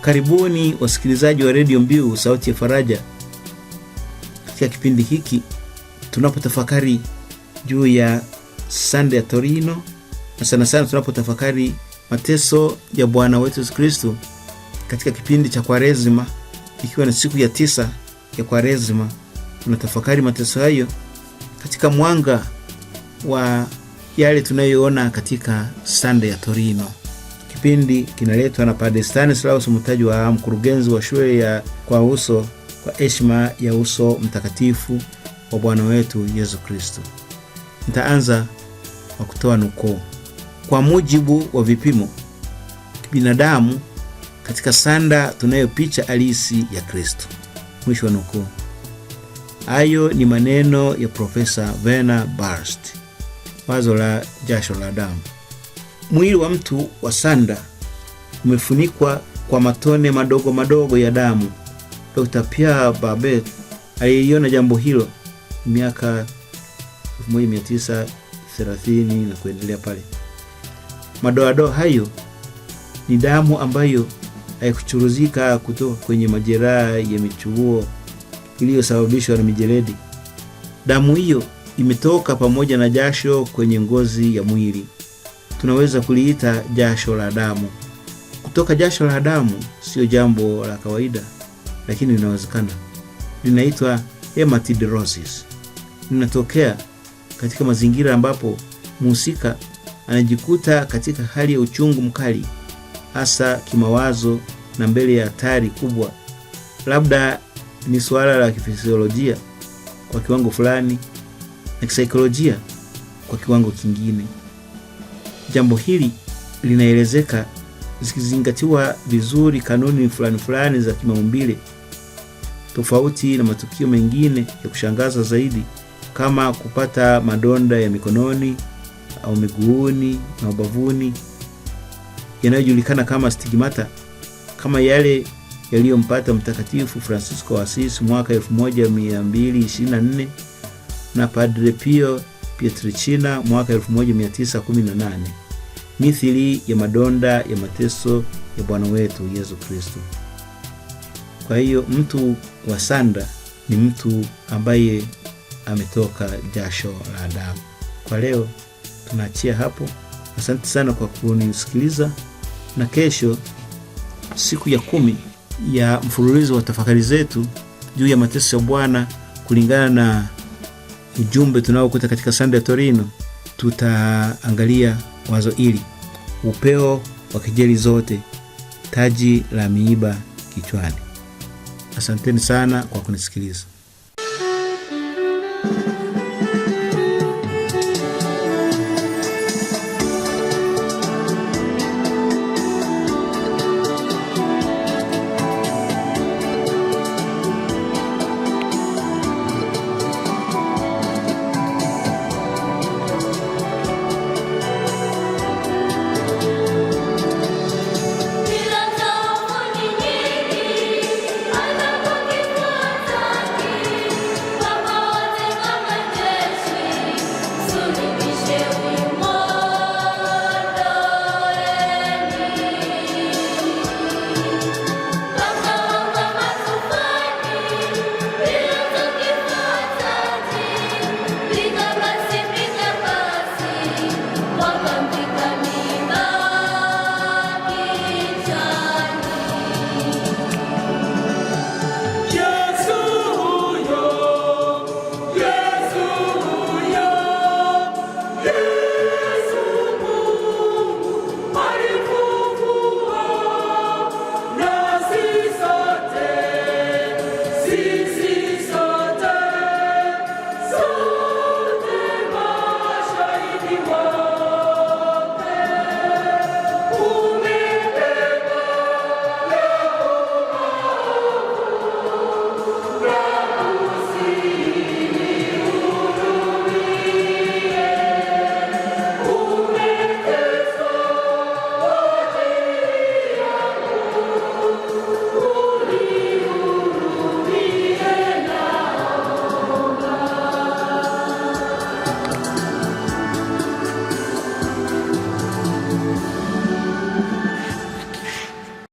Karibuni wasikilizaji wa redio Mbiu sauti ya Faraja, katika kipindi hiki tunapotafakari juu ya sande ya Torino na sana sana tunapotafakari mateso ya Bwana wetu Yesu Kristu katika kipindi cha kwarezima ikiwa na siku ya tisa ya tuna tunatafakari mateso hayo katika mwanga wa yale tunayoona katika sande ya Torino. Kipindi kinaletwa na Padre Stanislaus Mutajwaha, mkurugenzi wa shule ya Kwa Uso kwa heshima ya uso mtakatifu wa Bwana wetu Yesu Kristo. Nitaanza kwa kutoa nukuu. Kwa mujibu wa vipimo kibinadamu katika sanda tunayo picha halisi ya Kristo. Mwisho wa nukuu. Hayo ni maneno ya Profesa Werner barst wazo la jasho la damu. Mwili wa mtu wa Sanda umefunikwa kwa matone madogo madogo ya damu. Dr. Pierre Barbet aliiona jambo hilo miaka 1930 na kuendelea pale. Madoadoa hayo ni damu ambayo haikuchuruzika kutoka kwenye majeraha ya michubuo iliyosababishwa na mijeledi. Damu hiyo imetoka pamoja na jasho kwenye ngozi ya mwili tunaweza kuliita jasho la damu. Kutoka jasho la damu sio jambo la kawaida, lakini linawezekana. Linaitwa hematidrosis, linatokea katika mazingira ambapo mhusika anajikuta katika hali ya uchungu mkali, hasa kimawazo na mbele ya hatari kubwa. Labda ni suala la kifisiolojia kwa kiwango fulani na kisaikolojia kwa kiwango kingine jambo hili linaelezeka zikizingatiwa vizuri kanuni fulani fulani za kimaumbile, tofauti na matukio mengine ya kushangaza zaidi kama kupata madonda ya mikononi au miguuni na ubavuni yanayojulikana kama stigmata, kama yale yaliyompata Mtakatifu Francisco wa mwaka 1224 na Padre Pio Pietrichina mwaka 1918 mithili ya madonda ya mateso ya Bwana wetu Yesu Kristo. Kwa hiyo mtu wa sanda ni mtu ambaye ametoka jasho la damu. Kwa leo tunaachia hapo. Asante sana kwa kunisikiliza, na kesho siku ya kumi ya mfululizo wa tafakari zetu juu ya mateso ya Bwana kulingana na ujumbe tunaokuta katika ya Torino, tutaangalia wazo hili: upeo wa kejeli zote, taji la miiba kichwani. Asanteni sana kwa kunisikiliza.